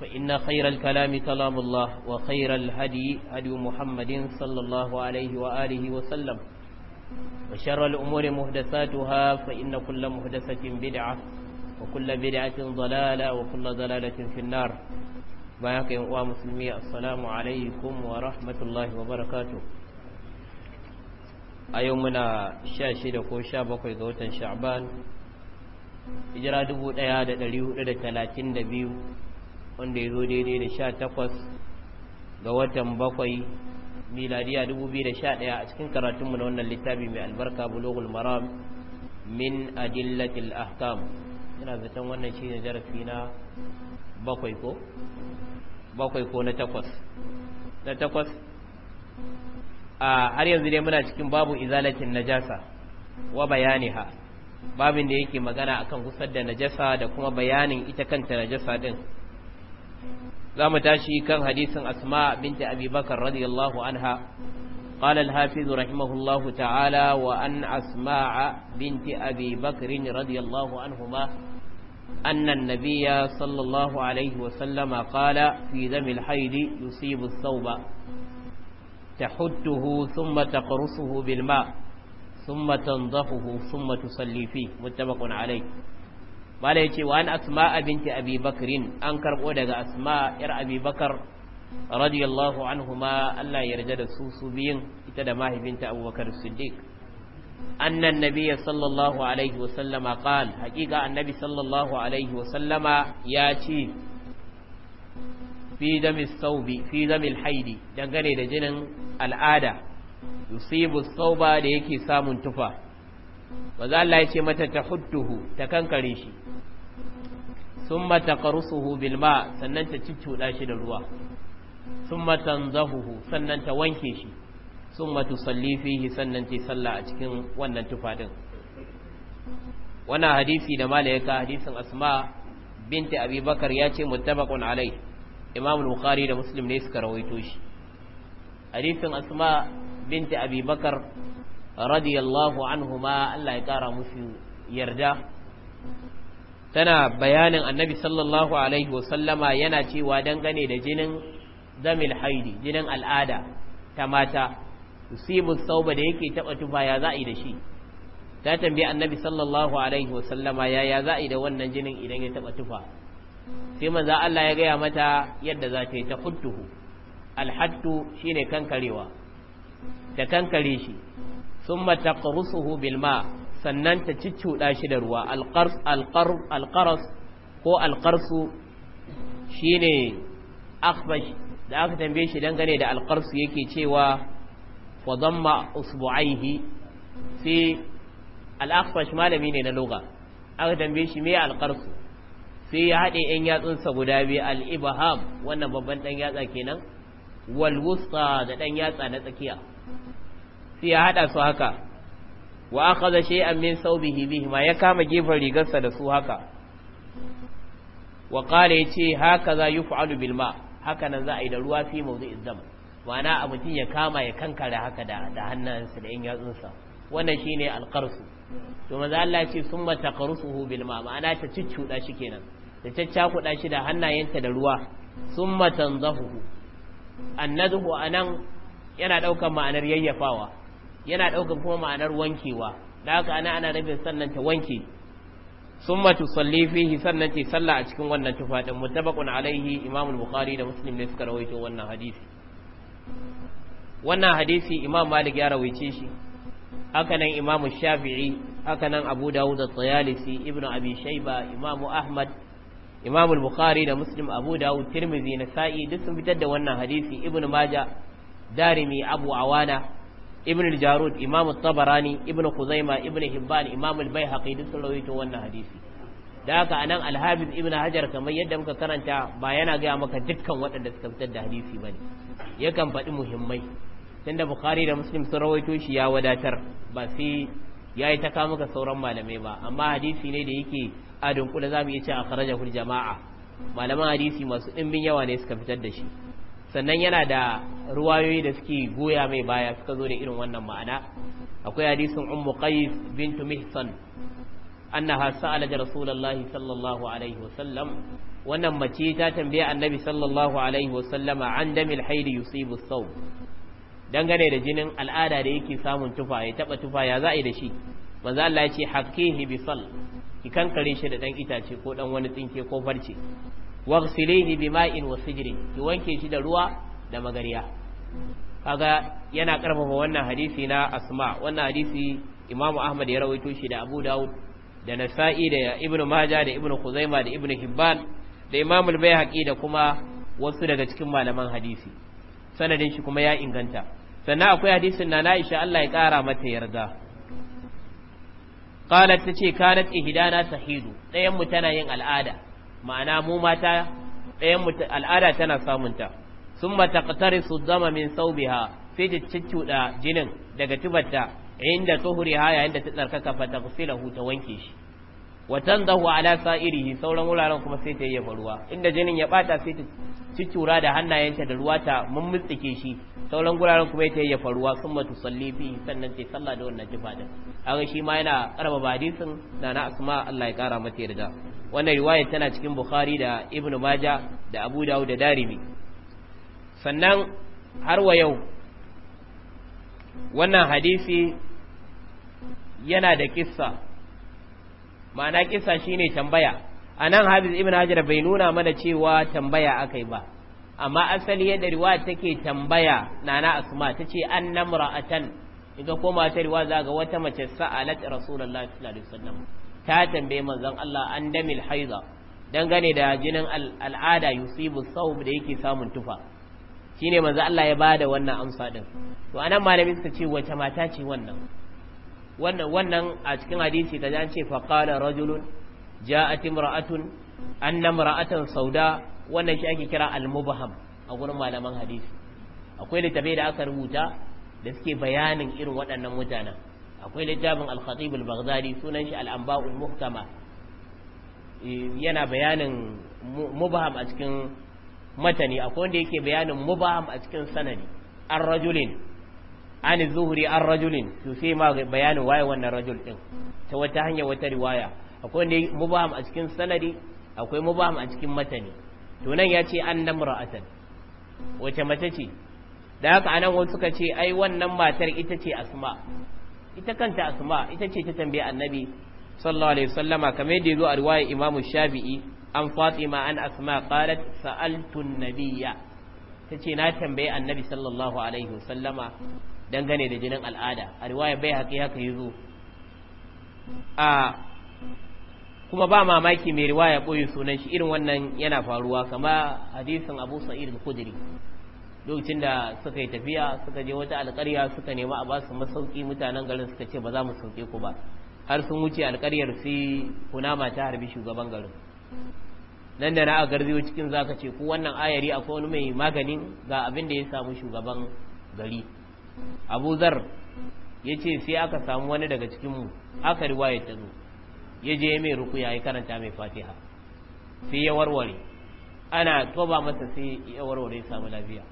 فإن خير الكلام كلام الله وخير الهدي هدي محمد صلى الله عليه وآله وسلم وشر الأمور مهدساتها فإن كل مهدسة بدعة وكل بدعة ضلالة وكل ضلالة في النار باقي ومسلمي السلام عليكم ورحمة الله وبركاته أيومنا شاشد وشابك وغوتا شعبان إجراء دبو الأيادة لليو لدى 32 wanda ya zo daidai da sha takwas ga watan bakwai miladiya dubu biyu da sha ɗaya a cikin karatunmu na wannan littafi mai albarka bulogul maram min adillatil ahkam yana zaton wannan shi ne jarafi na bakwai ko bakwai ko na takwas na takwas a har yanzu ne muna cikin babu izalatin najasa wa bayaniha babin da yake magana akan gusar da najasa da kuma bayanin ita kanta najasa din za mu tashi kan hadisin asma binti abi bakar radiyallahu anha قال الحافظ رحمه الله تعالى وأن أسماع بنت أبي بكر رضي الله عنهما أن النبي صلى الله عليه وسلم قال في دم الحيد يصيب الثوب تحته ثم تقرصه بالماء ثم تنضفه ثم تصلي فيه متفق عليه ya ce wa an asma abinci abi bakrin an karbo daga asma yar abi radiyallahu radiyallahu anhuma Allah yarda da su su biyin ita da mahaifinta abubakar siddiq annan النبي صلى الله عليه وسلم قال hakika annabi sallallahu alaihi عليه وسلم ياتي في دم الثوب في دم الحيد da jinin al'ada yusibu thawba da yake samun tufa maza Allah ya ce mata tahudduhu ta kankare shi sun mata karusuhu bilma sannan ta cuccuɗa shi da ruwa sun matan zahuhu sannan ta wanke shi sun matu sallifihi sannan ta salla a cikin wannan tufadin wannan hadisi da malayaka hadisin asma binti abubakar ya ce muttabaqun alai imam bukhari da muslim ne suka rawaito shi hadisin asma binti abubakar radiyallahu ma Allah ya kara musu yarda tana bayanin annabi sallallahu alaihi wasallama yana cewa dangane da jinin zamil haidi jinin al'ada ta mata tusibu sauba da yake taba tufa ya za'i da shi ta tambayi annabi sallallahu alaihi wasallama ya ya za'i da wannan jinin idan ya taba tufa sai manzo Allah ya gaya mata yadda za ta yi ta hudduhu alhaddu shine kankarewa ta kankare shi summa taqrusuhu bilma' sannan ta ciccuɗa shi da ruwa alƙaras ko alƙarsu shi ne da aka tambaye shi dangane da alƙarsu yake cewa fadamma usbu'aihi sai al'akhbash malami ne na loga aka tambaye shi me alƙarsu sai ya haɗe 'yan yatsunsa guda biyu al'ibaham wannan babban ɗan yatsa kenan walwusta da ɗan yatsa na tsakiya sai ya haɗa su haka wa akhadha shay'an min bihi ma ya kama gefen rigarsa da su haka wa qala yace haka za yuf'alu bil ma haka nan za a yi da ruwa fi mawdu'iz dam ma'ana a ya kama ya kankare haka da da hannunsa da in yatsunsa wannan shine alqarsu to maza Allah ya ce summa taqrusuhu bil ma ma'ana ta ciccuda shi kenan ta caccakuda shi da hannayenta da ruwa summa tanzahu annadhu anan yana ɗaukar ma'anar yayyafawa yana ɗaukar kuma ma'anar wankewa da haka ana ana nufin sannan ta wanke sun matu salli fihi sannan ce sallah a cikin wannan tufaɗin mutabakun alaihi imamul bukhari da muslim ne suka rawaito wannan hadisi wannan hadisi imam malik ya rawaice shi haka nan imam shafi'i haka nan abu dawud da tsayalisi ibnu abi shaiba imam ahmad imam bukhari da muslim abu dawud na sa'i duk sun fitar da wannan hadisi ibnu maja darimi abu awana ibn al-jarud imam at-tabarani ibn khuzaima ibn hibban imam al-baihaqi duk sun rawaito wannan hadisi da haka anan al-hafiz ibn hajar kamar yadda muka karanta ba yana ga maka dukkan waɗanda suka fitar da hadisi bane yakan faɗi muhimmai tunda bukhari da muslim sun rawaito shi ya wadatar ba sai yayi ta kawo maka sauran malamai ba amma hadisi ne da yake a zamu za mu iya ce a kharaja jama'a malaman hadisi masu dimbin yawa ne suka fitar da shi sannan yana da ruwayoyi da suke goya mai baya suka zo da irin wannan ma'ana akwai hadisin ummu qais bint mihsan annaha da rasulullahi sallallahu alaihi wasallam wannan mace ta tambaye annabi sallallahu alaihi wasallama an damil haidi yusibu saw dangane da jinin al'ada da yake samun tufa ya taba tufa ya za'i da shi manzo Allah ya ce bi sal ki kankare shi da dan itace ko dan wani tsinke ko farce waghsilihi bima'in wa sijrin ki wanke shi da ruwa da magariya kaga yana karfafa wannan hadisi na asma wannan hadisi imamu ahmad ya rawaito shi da abu daud da nasa'i da ibnu majah da ibnu khuzaimah da ibnu hibban da imamu al da kuma wasu daga cikin malaman hadisi sanadin shi kuma ya inganta sannan akwai hadisin na Aisha Allah ya kara mata yarda qalat tace kanat ihdana sahidu dayan mu tana yin al'ada ma'ana mu mata ɗayan al'ada tana samunta sun ƙatar su zama min saubiha sai ta cicciɗa jinin daga tubarta inda tsohuri haya yayin da ta tsarkaka ku ta ta wanke shi watan zahu ala sa'irihi sauran wuraren kuma sai ta yayyafa ruwa inda jinin ya bata sai ta cicura da hannayenta da ruwa ta mummutsuke shi sauran wuraren kuma ta yayyafa ruwa sun matu salli sannan ta salla da wannan jifa aga shi ma yana karba hadisin da na asma Allah ya kara mata yarda wannan riwaya tana cikin bukhari da ibnu maja da abu dawud da darimi sannan har wa yau wannan hadisi yana da kissa ma'ana kisa shine tambaya anan hafiz ibn hajar bai nuna mana cewa tambaya akai ba amma asali yadda riwaya take tambaya nana asma tace ra'atan idan koma ta riwaya zaga wata mace sa'alat rasulullahi sallallahu alaihi wasallam ta tambaye manzon Allah an damil haiza dangane da jinin al'ada yusibu saub da yake samun tufa shine manzon Allah ya da wannan amsa din to anan malami ta ce wata mata ce wannan wannan a cikin hadisi kaji an ce faqala rajulun ja'at imra'atun anna imra'atan sauda wannan shi ake kira al-mubham a gurin malaman hadisi akwai littafai da aka rubuta da suke bayanin irin waɗannan mutanen akwai littafin al-khatib al-baghdadi sunan shi al-anba'ul eh, yana bayanin mubham a cikin matani akwai wanda yake bayanin mubham a cikin sanadi ar-rajulin an zuhuri an rajulin to sai ma bayanin waye wannan rajul din ta wata hanya wata riwaya akwai ne mubaham a cikin sanadi akwai mubaham a cikin matani to nan ya ce an namra'atan wace mace ce da haka anan wasu suka ce ai wannan matar ita ce asma ita kanta asma ita ce ta tambaye annabi sallallahu alaihi wasallama kamar yadda yazo a riwaya imamu shafi'i an fatima an asma qalat sa'altu an-nabiyya tace na tambaye annabi sallallahu alaihi wasallama dangane da jinin al'ada a riwaya bai haƙi haka yi zo a kuma ba mamaki mai riwaya ɓoye sunan shi irin wannan yana faruwa kama hadisin abu sa'ir da kudiri lokacin da suka yi tafiya suka je wata alƙarya suka nema a basu masauki mutanen garin suka ce ba za mu sauke ku ba har sun wuce alƙaryar sai kunama ta harbi shugaban garin nan da na a cikin zaka ce ku wannan ayari akwai wani mai maganin ga abin da ya samu shugaban gari abu zar ya ce sai aka samu wani daga cikinmu aka riwaya ta zo ya je mai ruku ya yi karanta mai fatiha sai ya warware ana toba masa sai ya warware ya samu lafiya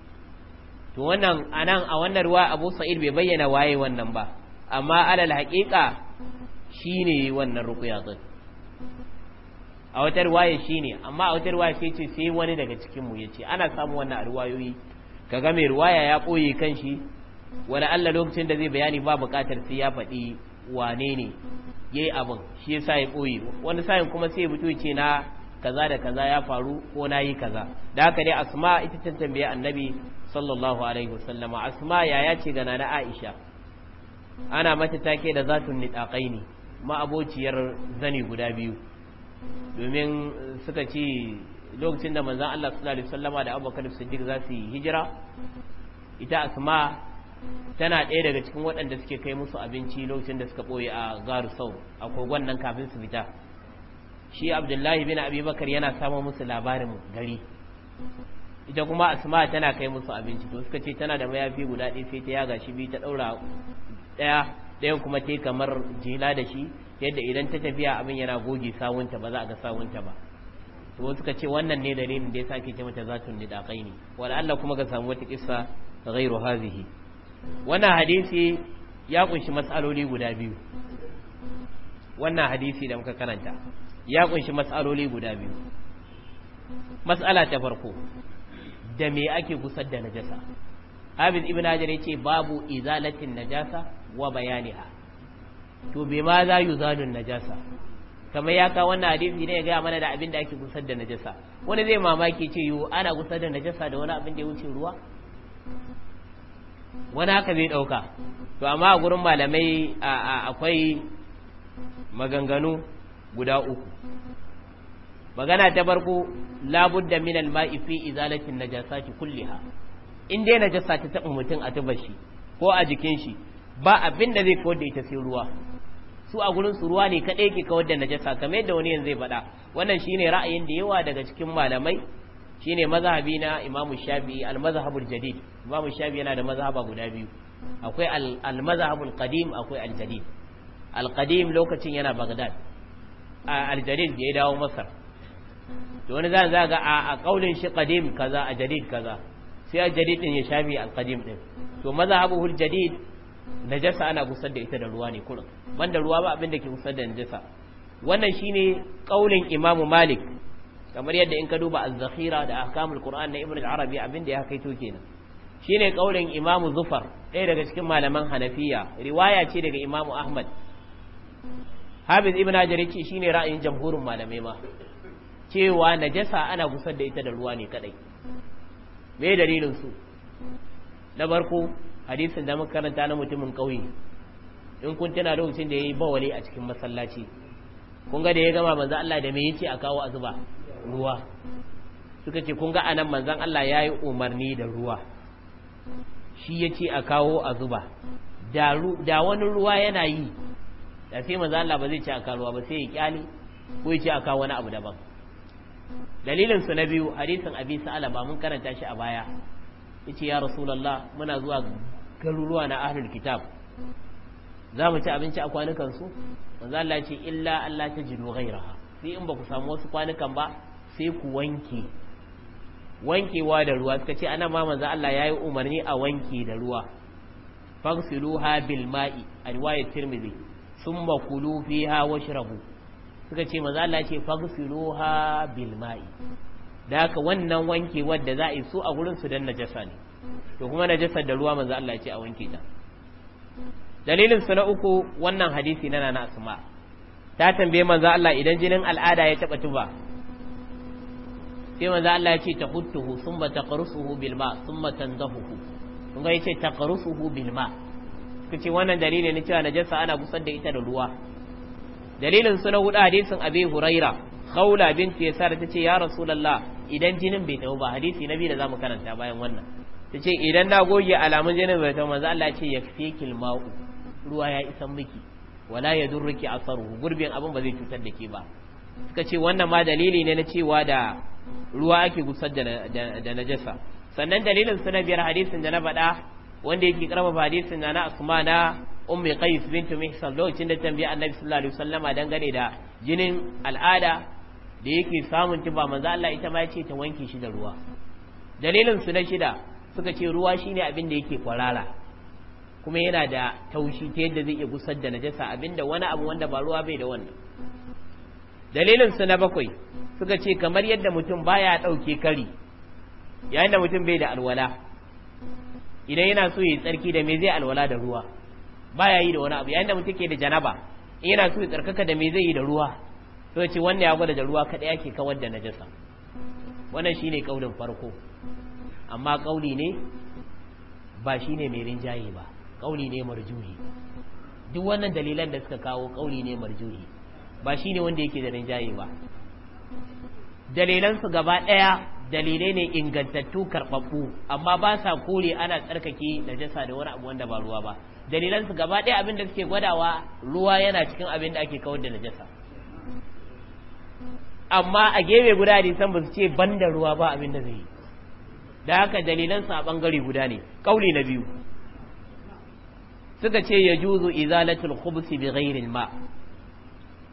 to wannan anan a wannan ruwa abu sa'id bai bayyana waye wannan ba amma alal haƙiƙa shine wannan rukuya din a wata ruwaya shine amma a wata ruwaya sai ce sai wani daga cikin mu yace ana samu wannan a ruwayoyi kaga mai ruwaya ya kan kanshi Wani Allah lokacin da zai bayani ba bukatar sai ya faɗi wane ne yayi abin shi yasa ya koyi wani sain kuma sai ya fito ce na kaza da kaza ya faru ko na yi kaza da haka dai asma ita ta tambaye annabi sallallahu alaihi wasallama asma yaya ce ga nana aisha ana mata take da zatun ne ma'abociyar zani guda biyu domin suka ce lokacin da manzon Allah sallallahu alaihi wasallama da Abubakar Siddiq za su yi hijira ita asma tana ɗaya daga cikin waɗanda suke kai musu abinci lokacin da suka ɓoye a garu sau a kogon nan kafin su fita shi abdullahi bin abubakar yana samun musu labarin gari ita kuma asma tana kai musu abinci to suka ce tana da mayafi guda ɗaya sai ta yaga shi biyu ta ɗaura ɗaya ɗayan kuma ta kamar jila da shi yadda idan ta tafiya abin yana goge sawunta ba za a ga sawunta ba to suka ce wannan ne dalilin da ya sake ce mata zatun nidaƙai ne wala Allah kuma ga samu wata kissa ghairu hazihi wannan hadisi ya kunshi matsaloli guda biyu wannan hadisi da muka karanta ya kunshi matsaloli guda biyu matsala ta farko da me ake gusar da najasa abin ibn Hajar ce babu izalatin najasa wa bayaniha to be ma za yi zanun najasa kamar ya kawo wannan hadisi ne ya gaya mana da abin da ake gusar da najasa wani zai mamaki ce yo ana gusar da najasa da wani abin da ya wuce ruwa wani haka zai ɗauka to amma a gurin malamai akwai maganganu guda uku magana ta farko labudda min ma'i fi izalatin najasati kulliha in dai najasa ta taba mutum a tuba shi ko a jikin shi ba abin da zai kawar da ita sai ruwa su a gurin su ruwa ne kadai ke kawar da najasa kamar yadda wani yanzu zai faɗa wannan shine ra'ayin da yawa daga cikin malamai ne mazhabi na imamu Shafi'i al-mazhabul jadid imamu Shafi'i yana da mazhaba guda biyu akwai al-mazhabul qadim akwai al-jadid al-qadim lokacin yana Bagdad. al-jadid da ya dawo Masar to wani zan zaga a kaulin shi qadim kaza a jadid kaza sai al-jadid din ya shafi al-qadim din to mazhabul jadid najasa ana gusar da ita da ruwa ne kurin banda ruwa ba abin da ke gusar da najasa wannan shine kaulin Imamu Malik kamar yadda in ka duba az-zakhira da ahkamul qur'an na ibn al-arabi abin da ya kaito kenan shine kaurin imamu zufar ɗaya daga cikin malaman hanafiya riwaya ce daga imamu ahmad habib ibn hajar yace shine ra'ayin jamhurin malamai ma cewa najasa ana gusar da ita da ruwa ne kadai me dalilin su na barko hadisin da muka karanta na mutumin kauye in kun tana lokacin da yayi bawali a cikin masallaci kun ga da ya gama manzo Allah da me yace a kawo azuba ruwa suka ce kun ga anan manzon Allah ya yi umarni da ruwa shi ya ce a kawo a zuba da wani ruwa yana yi da sai manzon Allah ba zai ce a kawo ruwa ba sai ya kyale ko ya ce a kawo wani abu daban dalilinsu na biyu hadisin abi sa'ala ba mun karanta shi a baya yace ya rasulullah muna zuwa garuruwa na ahlul kitab za mu ci abinci a kwanukan su manzo Allah ce illa Allah ta tajidu ghairaha sai in ba ku samu wasu kwanukan ba sai ku wanke wankewa da ruwa suka ce ana ma manzo Allah yayi umarni a wanke da ruwa fagsiluha bil ma'i a riwayat tirmidhi thumma kulu fiha washrabu suka ce manzo Allah ce fagsiluha bil ma'i da haka wannan wankewar da za a yi su a gurin su dan najasa ne to kuma jasa da ruwa manzo Allah ce a wanke ta dalilin su na uku wannan hadisi na na asma ta tambaye manzo Allah idan jinin al'ada ya taba tuba sai manzo Allah ya ce tahuttuhu thumma taqrusuhu bil ma thumma tandahuhu kun ga yace taqrusuhu bil ma kace wannan dalili ne cewa najasa ana gusar da ita da ruwa dalilin su na hudu hadisin abi huraira khawla binti yasar tace ya rasulullah idan jinin bai tawo ba hadisi nabi da zamu karanta bayan wannan tace idan na goge alamun jinin bai tawo manzo Allah ya ce yakfikil ma'u ruwa ya isa miki wala yadurruki asaruhu gurbin abin ba zai cutar da ke ba suka ce wannan ma dalili ne na cewa da ruwa ake gusar da najasa sannan dalilin suna biyar hadisin da na faɗa wanda yake karfafa hadisin na na asma na ummi qais mihsan lokacin da tambayi annabi sallallahu alaihi wasallama dangane da jinin al'ada da yake samun tuba manzo Allah ita ma yace ta wanke shi da ruwa dalilin su na shida suka ce ruwa shine abin da yake kwarara kuma yana da taushi ta yadda zai iya gusar da najasa abinda wani abu wanda ba ruwa bai da wannan dalilin su na bakwai suka ce kamar yadda mutum baya ɗauke kari yayin da mutum bai da alwala idan yana so yi tsarki da me zai alwala da ruwa baya yi da wani abu yayin da mutum ke da janaba yana so ya tsarkaka da me zai yi da ruwa to ce wanda ya gwada da ruwa kada yake kawar da najasa wannan shine kaulin farko amma kauli ne ba shine mai rinjaye ba kauli ne marjuhi duk wannan dalilan da suka kawo kauli ne marjuhi ba shine wanda yake da rinjaye ba dalilansu gaba ɗaya dalilai ne ingantattu karɓaɓɓu amma ba sa kore ana tsarkake najasa da wani abu wanda ba ruwa ba dalilansu gaba ɗaya abin da suke gwadawa ruwa yana cikin abin da ake kawar da najasa amma a gefe guda ne san ba su ce banda ruwa ba abin da zai yi da haka dalilansu a ɓangare guda ne ƙauli na biyu suka ce ya juzu izalatul khubsi bi ghairil ma'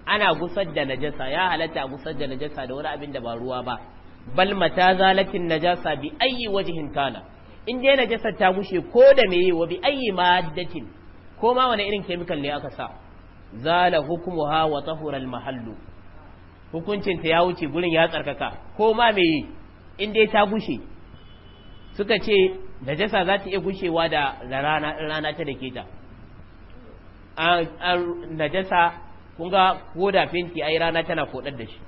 ana gusar da najasa ya halatta gusar da najasa da wani abin da ba ruwa ba bal mata zalatin najasa bi ayi wajhin kana in dai najasa ta gushe ko da me yi wa bi ayi maddatin ko ma wani irin chemical ne aka sa zala hukumuha wa tahura al mahallu hukuncin ta ya wuce gurin ya tsarkaka ko ma me yi in dai ta gushe suka ce najasa za ta iya gushewa da rana rana ta dake ta najasa kun ga ko da fenti ai rana tana kodar da shi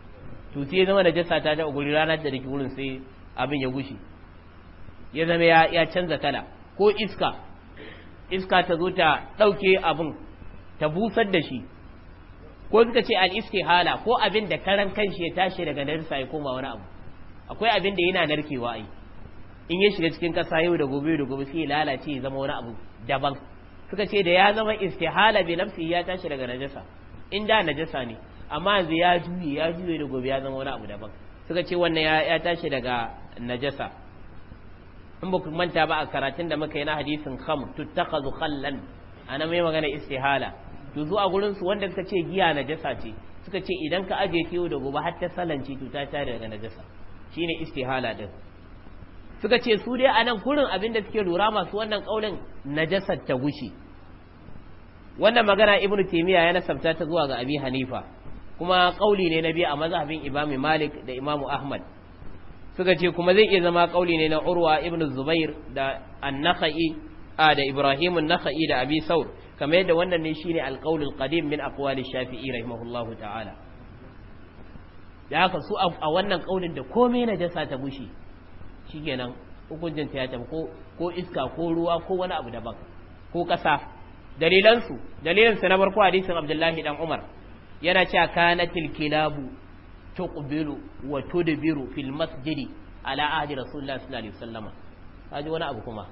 to sai zama najasa ta ta guri rana da dake wurin sai abin ya gushi ya zama ya ya canza kala ko iska iska ta zo ta dauke abin ta busar da shi ko suka ce al hala, ko abin da karan kanshi ya tashi daga najasa ya koma wani abu akwai abin da yana narkewa ai in ya shiga cikin kasa yau da gobe da gobe sai lalace ya zama wani abu daban suka ce da ya zama istihala bi nafsi ya tashi daga najasa in da najasa ne amma yanzu ya juye ya juye da gobe ya zama wani abu daban suka ce wannan ya tashi daga najasa in ba ku manta ba a karatun da muka yi na hadisin kham tuttakhadhu khallan ana mai magana istihala to zuwa gurin su wanda suka ce giya najasa ce suka ce idan ka aje ta yau da gobe har ta salanci to ta tare daga najasa shine istihala din suka ce su dai a anan gurin abinda suke lura masu wannan kaulin najasar ta gushe wannan magana ibnu taymiya ya nasabta ta zuwa ga abi hanifa kuma kauli ne na biyu a mazhabin imamu malik da imamu ahmad suka ce kuma zai iya zama kauli ne na urwa ibnu zubair da an-nakhai a da ibrahim an-nakhai da abi saur kamar yadda wannan ne shine al-qawl al-qadim min aqwali shafi'i rahimahullahu ta'ala da haka su a wannan kaulin da komai na jasa ta bushe shikenan hukuncin ta ya tafi ko iska ko ruwa ko wani abu daban ko kasa dalilansu dalilinsu na barko hadisin abdullahi dan umar yana cewa kanatil kilabu tuqbilu wa tudbiru fil masjidi ala ahdi rasulullah sallallahu alaihi wasallam kaji wani abu kuma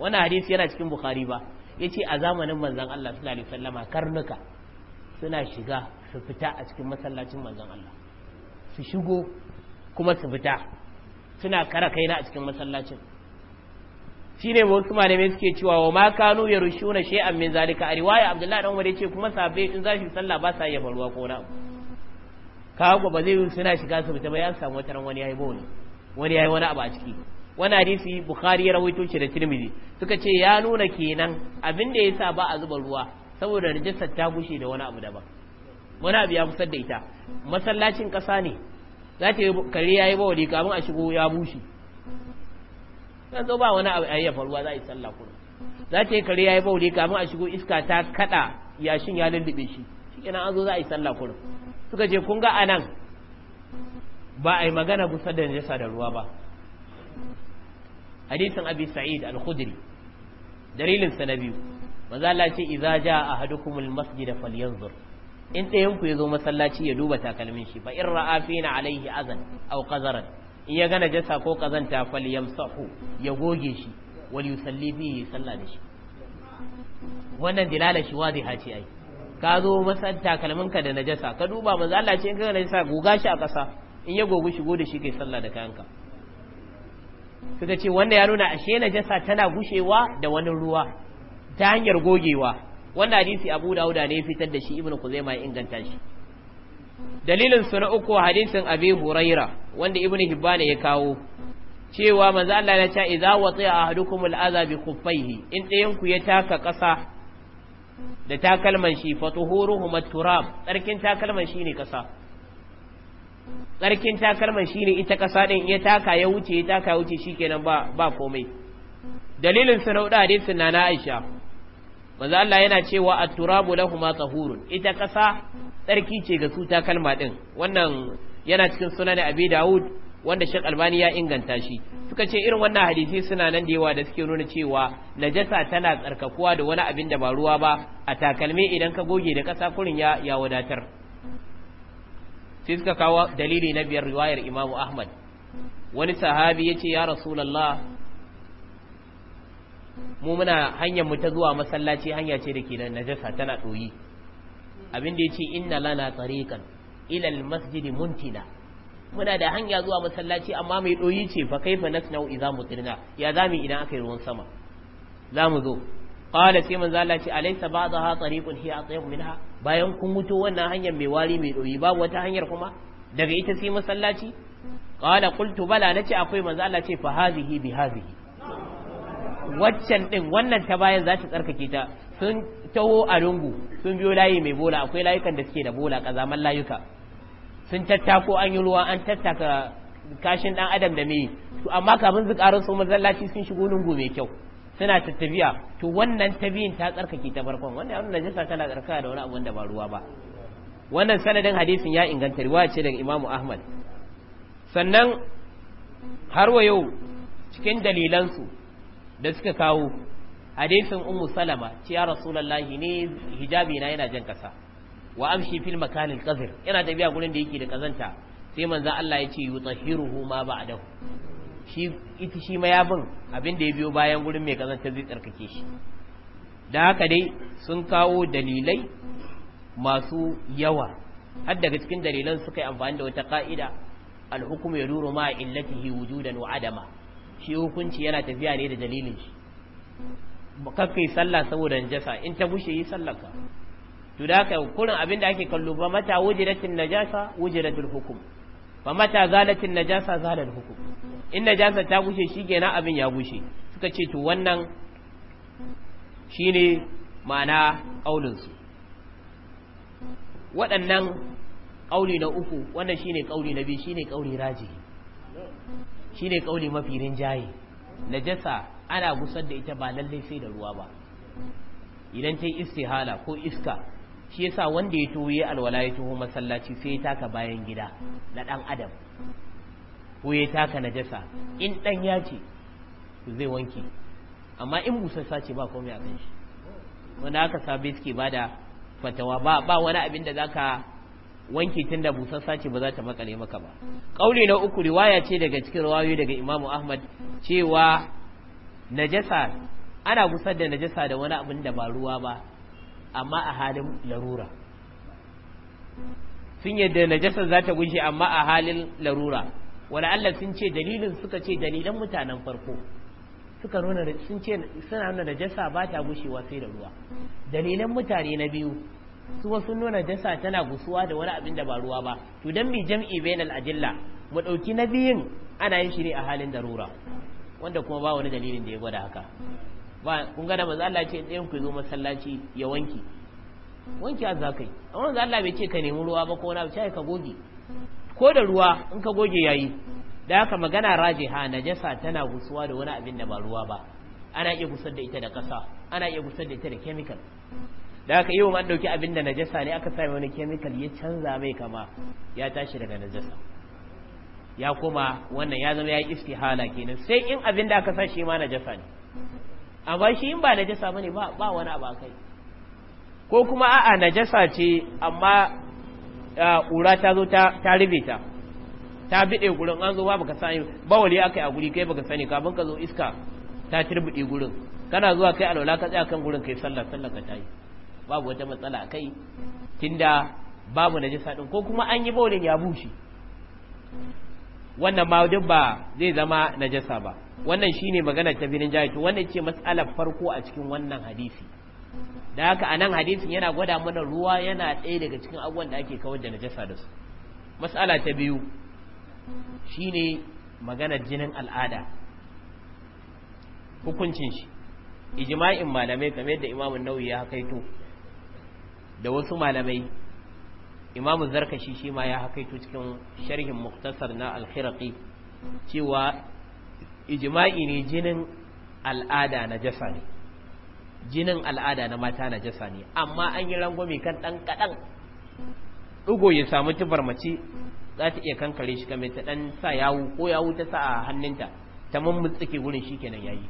wannan hadisi yana cikin bukhari ba yace a zamanin manzon Allah sallallahu alaihi wasallama karnuka suna shiga su fita a cikin masallacin manzon Allah su shigo kuma su fita suna kara kaina a cikin masallacin Shi shine wasu malamai suke cewa wa ma kanu yarushuna shay'an min zalika a riwaya abdullahi dan wani yace kuma sabai in za sallah ba sa iya ruwa ko na kawo ba zai yi suna shiga su fita bayan samu wata ran wani yayi bawani wani yayi wani abu a ciki wani hadisi bukhari ya rawaito shi da tirmidhi suka ce ya nuna kenan abin da sa ba a zuba ruwa saboda rijistar ta gushe da wani abu daban wani abu ya kusa da ita masallacin kasa ne za ta yi kare yayi bawani kafin a shigo ya bushe kan zo ba wani abu ya faruwa za a yi sallah kuma za ta yi kare ya yi baure kamun a shigo iska ta kada yashin ya lullube shi shi kenan an zo za a yi sallah kuma suka je kun ga anan ba a yi magana kusa da nesa da ruwa ba hadisin abi sa'id al-khudri dalilin sa na biyu manzo Allah ce idza jaa ahadukumul masjid falyanzur in ɗayan ku ya zo masallaci ya duba takalmin shi fa in ra'a fina alaihi azan aw qazaran in ya ga jasa ko kazanta fal yamsahu ya goge shi wal yusalli bihi sallah da shi wannan dilala shi wadiha ce ai ka zo masar takalminka da najasa ka duba manzo Allah ce in ka najasa goga shi a kasa in ya gogu shigo da shi kai sallah da kayanka suka ce wanda ya nuna ashe najasa tana gushewa da wani ruwa ta hanyar gogewa wannan hadisi Abu Dawud ne fitar da shi Ibn Khuzaimah inganta shi dalilin su na uku hadisin abi huraira wanda ibnu hibbani ya kawo cewa manzo Allah ya ce idza wati ahadukum al'aza bi khuffaihi in ɗayan ku ya taka ƙasa da takalman shi fa tuhuruhum turab tsarkin takalman shi ne ƙasa tsarkin takalman shi ne ita ƙasa din ya taka ya wuce ya taka ya wuce shikenan ba ba komai dalilin su na hudu hadisin na Aisha manzo Allah yana cewa at-turabu lahumu tahurun ita ƙasa tsarki ce ga su takalma din wannan yana cikin sunan abi dawud wanda shek albani ya inganta shi suka ce irin wannan hadisi suna nan da yawa da suke nuna cewa najasa tana tsarkakuwa da wani abin da ba ruwa ba a takalmi idan ka goge da ƙasa kurin ya ya wadatar sai suka kawo dalili na biyar riwayar imam ahmad wani sahabi ya ce ya rasulallah mu muna hanyar mu ta zuwa masallaci hanya ce da ke najasa tana ɗoyi abin da yace inna lana ilal masjidi almasjid muntina muna da hanya zuwa masallaci amma mai doyi ce fa kaifa nasna'u idza mutirna ya zamu idan aka yi ruwan sama zamu zo qala sai manzo Allah ce alaysa ba'daha tariqun hiya atayyibu minha bayan kun mutu wannan hanyar mai wari mai doyi babu wata hanyar kuma daga ita sai masallaci qala qultu bala nace akwai manzo Allah ce fa hadhihi bi hadhihi waccan din wannan ta bayan za ta tsarkake ta sun taho a lungu sun biyo layi mai bola akwai layukan da suke da bola kazaman layuka sun tattako an yi ruwa an tattaka kashin dan adam da mai to amma kafin su mazallaci sun shigo lungu mai kyau suna tattabiya to wannan tabiyin ta tsarkake ta farkon wannan yaro najasa tana tsarkaka da wani abu da ba ruwa ba wannan sanadin hadisin ya inganta riwaya ce daga Imam Ahmad sannan har wa yau cikin dalilansu da suka kawo hadisin ummu salama ce ya rasulullahi ne hijabi na yana jan kasa wa amshi fil qazir yana tafiya gurin da yake da kazanta sai manzo Allah ya ce yutahhiruhu ma ba'dahu shi ita shi mayabin abin da ya biyo bayan gurin mai kazanta zai tsarkake shi da haka dai sun kawo dalilai masu yawa har daga cikin dalilan suka yi amfani da wata ka'ida al ya yaduru ma illatihi wujudan wa adama shi hukunci yana tafiya ne da dalilin shi kakai sallah saboda najasa in ta bushe yi sallaka to da haka kurin abin da ake kallo ba mata wujidatin najasa wujidatul hukum ba mata zalatin najasa zalal hukum in najasa ta bushe shikenan abin ya bushe suka ce to wannan shine ma'ana kaulin su waɗannan kauli na uku wannan shine kauli na biyu shine kauli raji shine kauli mafi rinjaye najasa ana gusar da ita ba lalle sai da ruwa ba idan ta yi istihala ko iska shi yasa wanda ya tuwo alwala ya tuho masallaci sai ya taka bayan gida na dan adam ko ya taka na najasa in dan ya ce zai wanke amma in busassa ce ba komai a kan shi wanda aka sabi suke bada fatawa ba ba wani abin da zaka tun da busassa ce ba za ta makale maka ba kauli na uku riwaya ce daga cikin rawayoyi daga imamu Ahmad cewa najasa ana gusar da najasa da wani abin da ba ruwa ba amma a halin larura sun yadda najasa za ta gushe amma a halin larura wani Allah sun ce dalilin suka ce dalilan mutanen farko suka nuna sun ce suna nuna najasa ba ta gushewa sai da ruwa dalilan mutane na biyu su wasu nuna najasa tana gusuwa da wani abin da ba ruwa ba to dan mi jam'i bainal ajilla mu dauki na biyun ana yin shi ne a halin darura wanda kuma ba wani dalilin da ya gwada haka ba kun gada da manzo Allah ce ɗayan ku zo masallaci ya wanki wanki a zakai amma manzo Allah bai ce ka nemi ruwa ba ko wani abu ka goge ko da ruwa in ka goge yayi da haka magana rajiha najasa tana gusuwa da wani abin da ba ruwa ba ana iya gusar da ita da ƙasa ana iya gusar da ita da chemical da haka yau an ɗauki abin da najasa ne aka sami wani chemical ya canza mai kama ya tashi daga najasa ya kuma wannan ya zama ya yi istihala kenan sai in abin da aka sa shi ma najasa ne amma shi in ba najasa bane ba ba wani abu akai ko kuma a'a najasa ce amma ƙura ta zo ta rube ta ta bide gurin an zo ba baka sani bawali aka akai a guri kai baka sani kafin ka zo iska ta turbiɗe gurin kana zuwa kai a lola ka tsaya kan gurin kai sallah sallah ka tayi babu wata matsala kai tunda babu najasa din ko kuma an yi bawalin ya bushe wannan ma duk ba zai zama najasa ba wannan shine magana ta birin jayi to wannan ce mas'alar farko a cikin wannan hadisi da haka anan hadisin yana gwada mana ruwa yana ɗaya daga cikin abubuwan da ake kawar da najasa da su mas'ala ta biyu shine magana jinin al'ada hukuncin shi ijma'in malamai kamar yadda imamun nauyi ya kaito da wasu malamai imamu zarkashi shi ma ya hakaito cikin sharhin muktasar na alkhiraki cewa ijma'i ne jinin al'ada na jasa ne jinin al'ada na mata na jasa ne amma an yi rangwame kan ɗan kaɗan ɗugo ya samu tubar mace za ta iya kankare shi kamar ta ɗan sa yawu ko yawu ta sa a hannunta ta mummutsuke wurin shi kenan yayi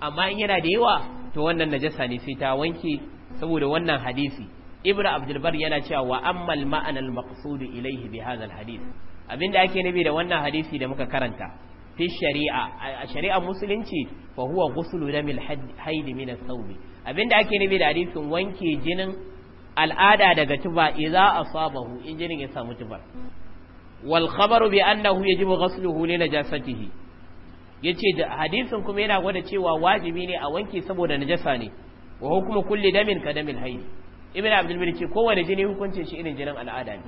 amma in yana da yawa to wannan najasa ne sai ta wanke saboda wannan hadisi ibra abdul yana cewa wa ammal ma'ana al maqsud ilayhi bi hadha al abinda ake nufi da wannan hadisi da muka karanta fi shari'a a shari'a musulunci fa huwa ghuslu damil haid min ath abinda ake nufi da hadisin wanke jinin al'ada daga tuba idza asabahu in jinin ya samu tubar wal khabaru bi annahu yajibu ghusluhu li najasatihi yace da hadisin kuma yana gwada cewa wajibi ne a wanke saboda najasa ne wa hukmu kulli damin ka damil haid ibn abdul malik ce kowane jini hukuncin shi irin jinin al'ada ne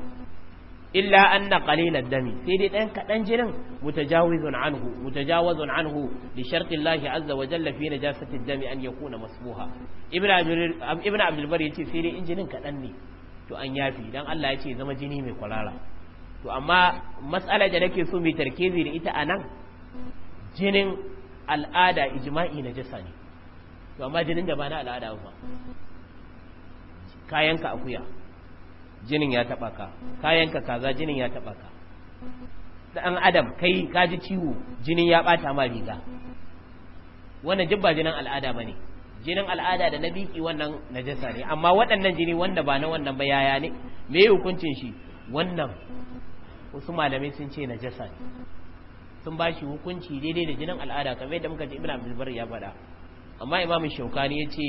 illa anna qalilad dami sai dai dan kadan jinin mutajawizun anhu mutajawazun anhu li sharti Allah azza wa jalla fi najasati dami an yakuna masbuha ibn abdul ibn abdul bari yace sai dai injinin kadan ne to an yafi dan Allah yace zama jini mai kwalara to amma mas'ala da nake so mai tarkezi da ita anan jinin al'ada ijma'i najasa ne to amma jinin da ba na al'ada ba kayanka akuya jinin ya taba ka kayanka kaza jinin ya taba ka dan adam kai ka ji ciwo jinin ya bata ma riga wannan jibba ba jinin al'ada bane jinin al'ada da na biki wannan najasa ne amma waɗannan jini wanda ba na wannan ba yaya ne me hukuncin shi wannan wasu malamai sun ce najasa ne sun ba shi hukunci daidai da jinin al'ada kamar yadda muka ji ibn abdul bar ya faɗa amma imamu shaukani ya ce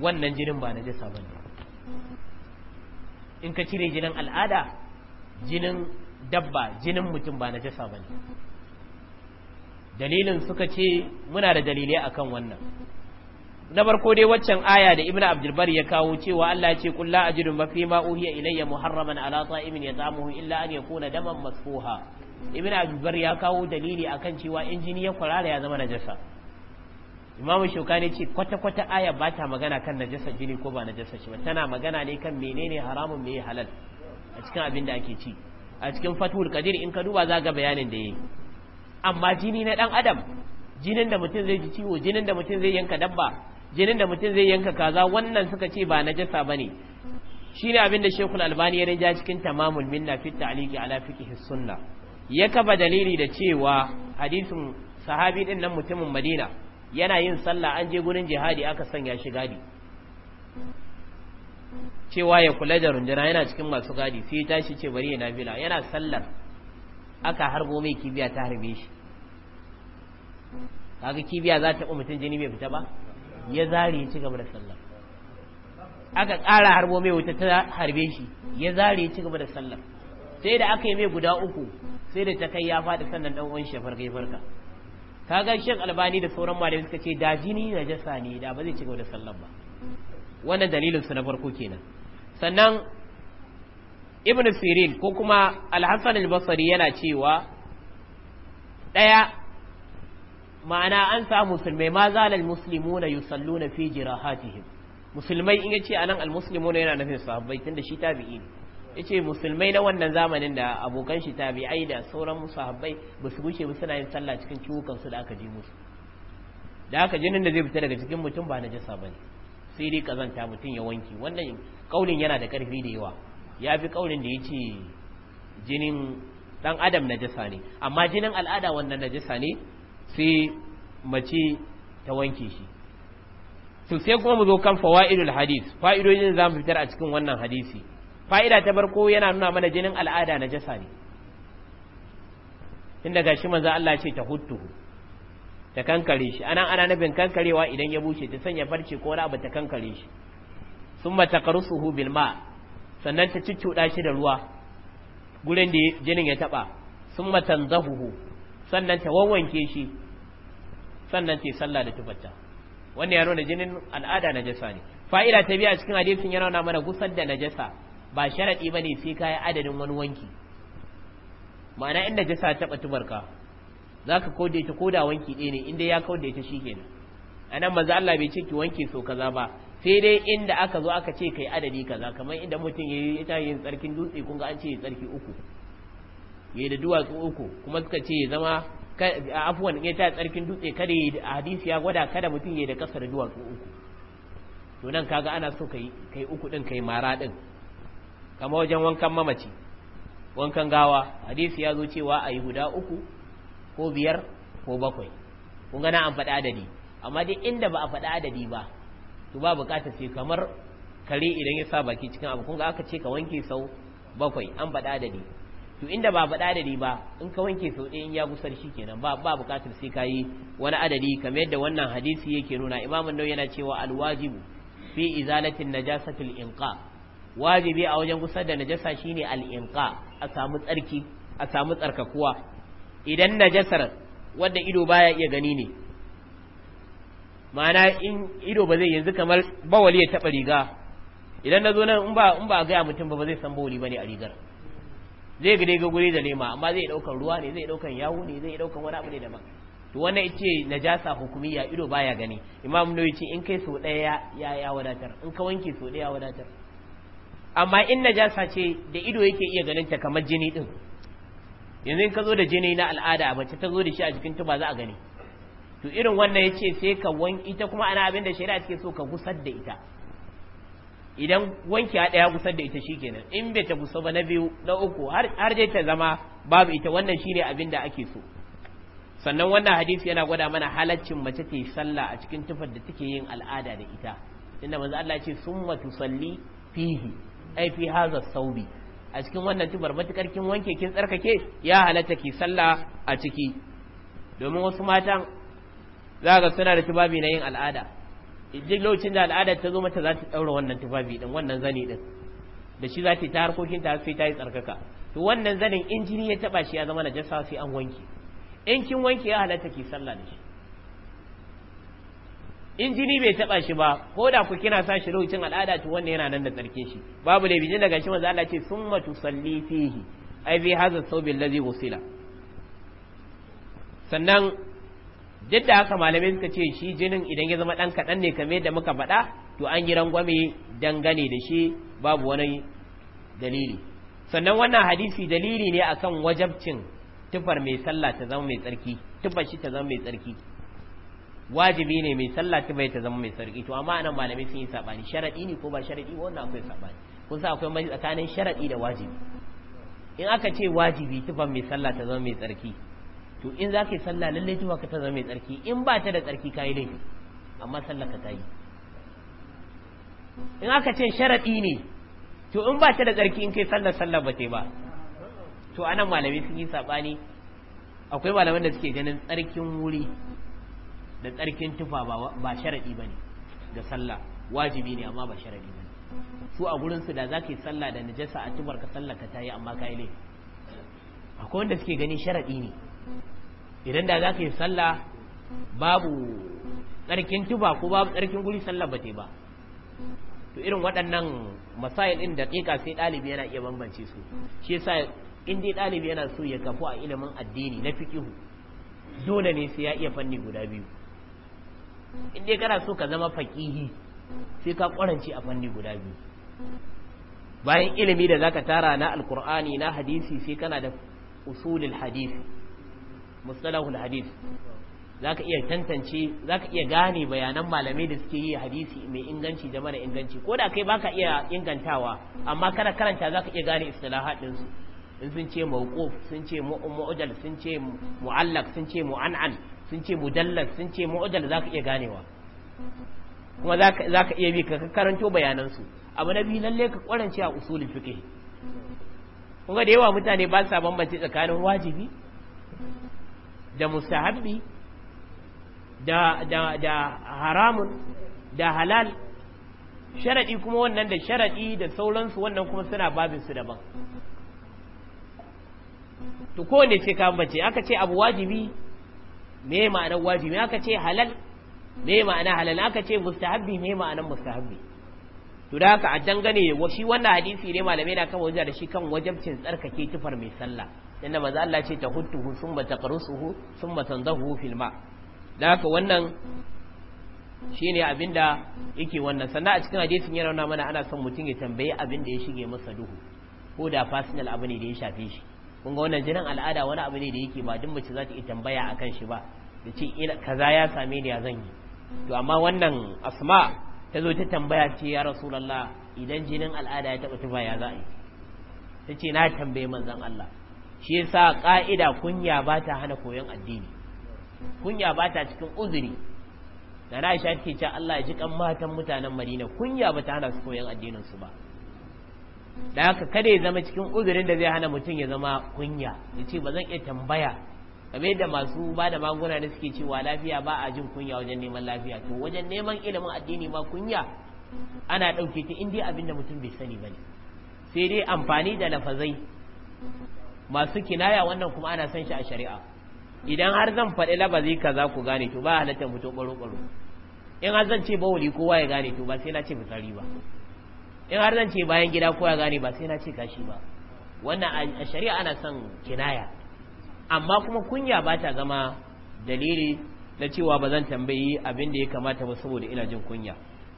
wannan jinin ba najasa bane in ka cire jinin al'ada jinin dabba jinin mutum ba na jasa ba ne dalilin suka ce muna da dalilai akan wannan na farko dai waccan aya da ibnu abdulbar ya kawo cewa Allah ya ce kulla la ajidu ma fi ma uhiya ilayya muharraman ala ta'imin yatamuhu illa an yakuna daman masfuha ibn abdulbar ya kawo dalili akan cewa in jini ya kwarara ya zama najasa imam shaukani ce kwata-kwata aya ba ta magana kan najasa jini ko ba najasa shi ba tana magana ne kan menene haramun mai halal a cikin abin da ake ci a cikin fatul kadir in ka duba za ga bayanin da yi amma jini na dan adam jinin da mutum zai ji ciwo jinin da mutum zai yanka dabba jinin da mutum zai yanka kaza wannan suka ce ba najasa ba shi ne abin da shekul Albani ya rinja cikin tamamul minna fi ta'liqi ala fiqh sunna ya kaba dalili da cewa hadisin sahabi din nan mutumin Madina yana yin sallah an je gurin jihadi aka sanya shi gadi cewa ya kula da runduna yana cikin masu gadi sai tashi ce bari ya nafila yana sallar aka harbo mai kibiya ta harbe shi kaga kibiya za ta taɓa mutum jini mai fita ba ya zare ya ci gaba da sallar aka ƙara harbo mai wuta ta harbe shi ya zare ya ci gaba da sallar sai da aka yi mai guda uku sai da ta kai ya faɗi sannan ɗan uwan shi farka farka kaga shek albani da sauran malamai suka ce da jini na jasa ne da ba zai ci gaba da sallan ba wannan dalilin su na farko kenan sannan ibn sirin ko kuma al-hasan al-basri yana cewa daya ma'ana an samu musulmai ma zalal muslimuna yusalluna fi jirahatihim musulmai in yace anan al-muslimuna yana nufin sahabbai tunda shi tabi'i ne ce musulmai na wannan zamanin da abokan shi tabi'ai da sauran musahabbai ba su gushe ba suna yin sallah cikin ciwukan su da aka ji musu da aka jinin da zai fita daga cikin mutum ba na ba bane sai dai kazanta mutum ya wanki wannan kaulin yana da karfi da yawa ya fi kaulin da yace jinin dan adam na jasa ne amma jinin al'ada wannan na jasa ne sai mace ta wanke shi to sai kuma mu zo kan fawaidul hadith fa'idojin zamu fitar a cikin wannan hadisi fa'ida ta barko yana nuna mana jinin al'ada na jasa ne inda gashi manzo Allah ce ta hutu ta kankare shi anan ana nufin kankarewa idan ya bushe ta sanya farce ko wani abu ta kankare shi summa taqrusuhu bil ma sannan ta da shi da ruwa gurin da jinin ya taba summa tanzahuhu sannan ta wawanke shi sannan ta sallah da tubata wannan ya nuna jinin al'ada na jasa ne fa'ida ta biya cikin hadisin yana nuna mana gusar da najasa ba sharaɗi ba ne sai ka yi adadin wani wanki ma'ana inda jasa taɓa tubarka za ka koda koda wanki ɗaya ne inda ya koda ta shi kenan a nan maza Allah bai ce ki wanke so kaza ba sai dai inda aka zo aka ce kai adadi kaza kamar inda mutum ya yi ta yin tsarkin dutse kun ga an ce tsarki uku ya da duwatsu uku kuma suka ce ya zama afuwan ya ta tsarkin dutse kada ya a hadisi ya gwada kada mutum ya da kasar duwatsu uku to nan kaga ana so kai uku din kai mara din kama wajen wankan mamaci wankan gawa hadisi ya zo cewa a yi guda uku ko biyar ko bakwai kun gana an faɗa adadi amma dai inda ba a faɗa adadi ba to ba buƙatar ce kamar kare idan ya sa baki cikin abu kun ga aka ce ka wanke sau bakwai an faɗa adadi to inda ba faɗa adadi ba in ka wanke sau ɗaya in ya gusar shi kenan ba ba buƙatar sai ka yi wani adadi kamar yadda wannan hadisi yake nuna imamun nau yana cewa alwajibu fi izalatin najasatil inqa wajibi a wajen gusar da najasa shine al-inqa a samu tsarki a samu tsarkakuwa idan najasar wanda ido baya iya gani ne ma'ana in ido ba zai yanzu kamar bawali ya taba riga idan nazo nan in ba in ba ga mutum ba zai san bawali bane a rigar zai gide ga guri da lema amma zai daukan ruwa ne zai daukan yawo ne zai daukan wani abu ne daban to wannan yace najasa hukumiyya ido baya gani imam nawawi ce in kai so daya ya ya wadatar in ka wanke so daya ya wadatar amma in najasa ce da ido yake iya ganin ta kamar jini din yanzu in ka zo da jini na al'ada a bace ta zo da shi a jikin ba za a gani to irin wannan ya ce sai ka wanki ita kuma ana abin da shari'a take so ka gusar da ita idan wanki a ɗaya gusar da ita shikenan in bai ta gusa ba na biyu na uku har dai ta zama babu ita wannan shine abin da ake so sannan wannan hadisi yana gwada mana halaccin mace ta yi sallah a cikin tufar da take yin al'ada da ita inda manzo Allah ya ce summa tusalli fihi ai fi haza saubi a cikin wannan tubar matukar kin wanke kin tsarkake ya halatta ki sallah a ciki domin wasu matan za ga suna da tubabi na yin al'ada duk lokacin da al'ada ta zo mata za ta daura wannan tubabi din wannan zani din da shi za ta ta harkokin ta sai ta yi tsarkaka to wannan zanin injini ya taba shi ya zama na najasa sai an wanke in kin wanke ya halatta ki sallah da shi in jini bai taba shi ba ko da ku kina sa shi lokacin al'ada to wannan yana nan da tsarkin shi babu da bijin daga shi manzo Allah ce summa tusalli fihi ai bi hadha thawb allazi usila sannan duk da haka malamai suka ce shi jinin idan ya zama dan kadan ne kamar da muka faɗa to an yi rangwame dangane da shi babu wani dalili sannan wannan hadisi dalili ne akan wajabcin tufar mai sallah ta zama mai tsarki tufar shi ta zama mai tsarki wajibi ne mai sallah ta bai ta zama mai sarki to amma anan malamai sun yi sabani sharadi ne ko ba sharadi ba wannan akwai sabani kun san akwai mai tsakanin sharadi da wajibi in aka ce wajibi tufan mai sallah ta zama mai tsarki to in za ka yi sallah lalle tufa ka ta zama mai tsarki in ba ta da tsarki ka yi laifi amma sallah ka ta yi in aka ce sharaɗi ne to in ba ta da tsarki in kai sallar sallar ba ba to anan malamai sun yi saɓani akwai malaman da suke ganin tsarkin wuri da tsarkin tufa ba sharadi ba ne ga sallah wajibi ne amma ba sharadi ba ne su a gurinsu da za ka yi sallah da najasa a tubar ka sallah ka ta amma ka yi ne akwai wanda suke gani sharadi ne idan da za ka yi sallah babu tsarkin tufa ko babu tsarkin guri sallah ba ta ba to irin waɗannan masayin ɗin da daƙiƙa sai ɗalibi yana iya bambance su shi yasa in dai ɗalibi yana so ya kafu a ilimin addini na fiƙihu dole ne sai ya iya fanni guda biyu in dai kana so ka zama faƙihi sai ka ƙwarance a fanni guda biyu bayan ilimi da zaka tara na alkur'ani na hadisi sai kana da usulul hadisi mustalahul hadisi zaka iya tantance zaka iya gane bayanan malamai da suke yi hadisi mai inganci da mara inganci ko da kai baka iya ingantawa amma kana karanta zaka iya gane istilahat din su in sun ce mawquf sun ce mu'jal sun ce mu'allaq sun ce mu'an'an sun ce mudallas sun ce za ka iya ganewa kuma za ka iya bi ka karanto bayanan su abu na biyu lalle ka kwarance a usulin fiƙe kuma da yawa mutane ba sa bambance tsakanin wajibi da musahabbi da da haramun da halal sharadi kuma wannan da sharadi da sauransu wannan kuma suna babin daban to kowane ce ka bambance aka ce abu wajibi me ma'anar wajibi aka ce halal me ma'ana halal aka ce mustahabbi me ma'anar mustahabbi to da haka a dangane wa shi wannan hadisi ne malamai na kan wajen da shi kan wajabcin tsarkake tufar mai sallah inda maza Allah ce ta huttuhu sun ba taqrusuhu sun ba tanzahu fil ma da haka wannan shine abinda yake wannan sannan a cikin hadisin yana nuna mana ana son mutum ya tambayi abinda ya shige masa duhu ko da fasinal abu ne da ya shafe shi kun ga wannan jinin al'ada wani abu ne da yake ba duk mace za ta yi tambaya akan shi ba da ce kaza ya same ni ya zan yi to amma wannan asma ta zo ta tambaya ce ya rasulallah idan jinin al'ada ya taba tufa ya za a yi ta ce na tambaye manzan Allah shi yasa ka'ida kunya ba ta hana koyon addini kunya ba ta cikin uzuri da na Aisha take cewa Allah ya ji kan matan mutanen Madina kunya ba ta hana su koyon addinin su ba da haka kada ya zama cikin uzurin da zai hana mutum ya zama kunya ya ce ba zan iya tambaya game da masu ba da maguna da suke cewa lafiya ba a jin kunya wajen neman lafiya to wajen neman ilimin addini ma kunya ana ɗauke ta indiya abinda mutum bai sani ba ne sai dai amfani da lafazai masu kinaya wannan kuma ana san shi a shari'a idan har zan faɗi labazi kaza ku gane to ba halatta mutum ɓaro-ɓaro in har zan ce bawuli kowa ya gane to ba sai na ce fitsari ba in har zan ce bayan gida ko ya gane ba sai na ce kashi ba wannan a shari'a ana son kinaya amma kuma kunya ba ta zama dalili na cewa ba zan tambayi abin da ya kamata ba saboda ina jin kunya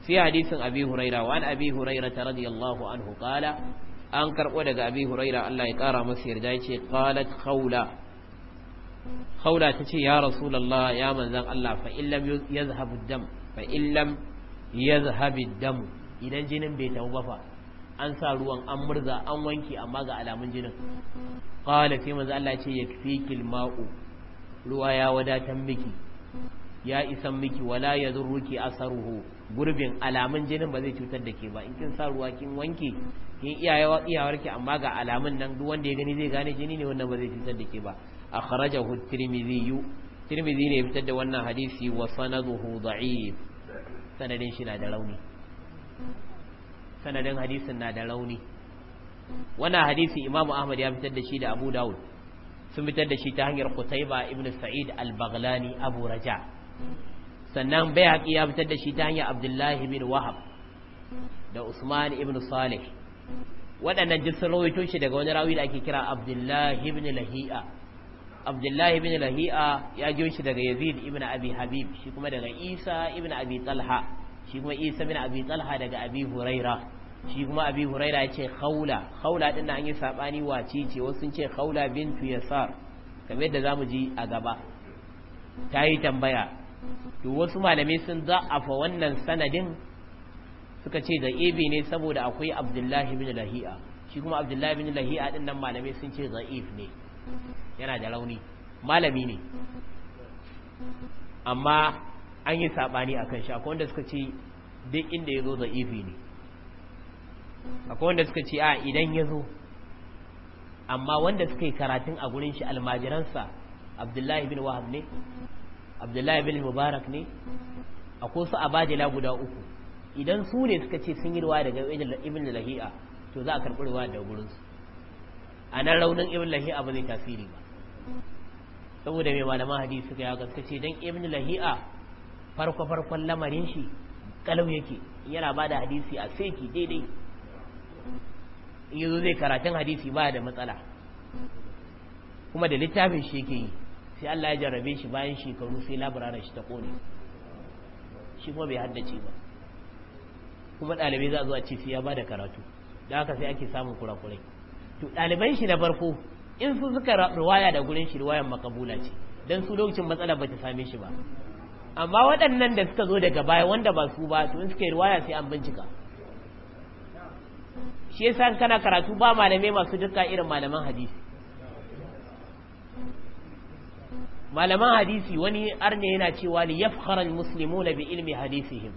sai hadisin abi huraira wa an abi huraira ta radiyallahu anhu qala an karɓo daga abi huraira Allah ya kara masa yarda yace qalat khawla khawla ce ya rasulullah ya manzan Allah fa illam yazhabu dam fa illam yazhabu dam idan jinin bai tafi ba fa an sa ruwan an murza an wanki amma ga alamun jinin qala sai manzo Allah ce yakfikil ma'u ruwa ya wadatan miki ya isan miki wala yadurruki asaruhu gurbin alamun jinin ba zai cutar da ke ba in kin sa ruwa kin wanke kin iyayewa ki amma ga alamun nan duk wanda ya gani zai gane jini ne wannan ba zai cutar da ke ba akhrajahu tirmidhi tirmidhi ne ya fitar da wannan hadisi wa sanaduhu da'if sanadin shi na da rauni sanadin hadisin na da rauni wannan hadisi imamu ahmad ya fitar da shi da abu dawud sun fitar da shi ta hanyar kutaiba ibn sa'id al-baghlani abu raja sannan bayhaqi ya fitar da shi ta hanyar abdullahi bin wahab da usman ibn salih waɗannan duk sun rawaito shi daga wani rawi da ake kira abdullahi ibn lahi'a abdullahi ibn lahi'a ya jiyo shi daga yazid ibn abi habib shi kuma daga isa ibn abi talha shi kuma isa bin abi talha daga abi huraira shi kuma abi huraira ya ce khawla khawla din an yi sabani wace ce wasu sun ce khawla bintu yasar kamar yadda zamu ji a gaba ta yi tambaya to wasu malamai sun za'afa wannan sanadin suka ce da ibi ne saboda akwai abdullahi bin lahi'a shi kuma abdullahi bin lahi'a din nan malamai sun ce za'if ne yana da rauni malami ne amma an yi sabani kan shi akwai wanda suka ce duk inda ya da ifi ne akwai wanda suka ce a idan ya zo amma wanda suka yi karatun a gurin shi almajiransa abdullahi bin wahab ne abdullahi bin mubarak ne akwai su abajila guda uku idan su ne suka ce sun yi ruwa daga ibn lahi'a to za a karɓi ruwa daga gurinsu a nan raunin ibn lahi'a ba zai tasiri ba saboda mai malaman hadisi suka ya gaskace don ibn lahi'a farko farkon lamarin shi kalau yake yana bada hadisi a seki daidai in zai karatun hadisi ba da matsala kuma da littafin shi yake yi sai Allah ya jarrabe shi bayan shekaru sai labararar shi ta kone shi kuma bai haddace ba kuma ɗalibai za a zo ce sai ya ba da karatu da haka sai ake samun kurakurai to ɗaliban shi na farko in su suka ruwaya da gurin shi ruwayan makabula ce don su lokacin matsala ba ta same shi ba amma waɗannan da suka zo daga baya wanda ba su ba to in suka yi ruwaya sai an bincika shi yasa kana karatu ba malamai masu duka irin malaman hadisi malaman hadisi wani arne yana cewa li yafkhara almuslimuna bi ilmi hadisihim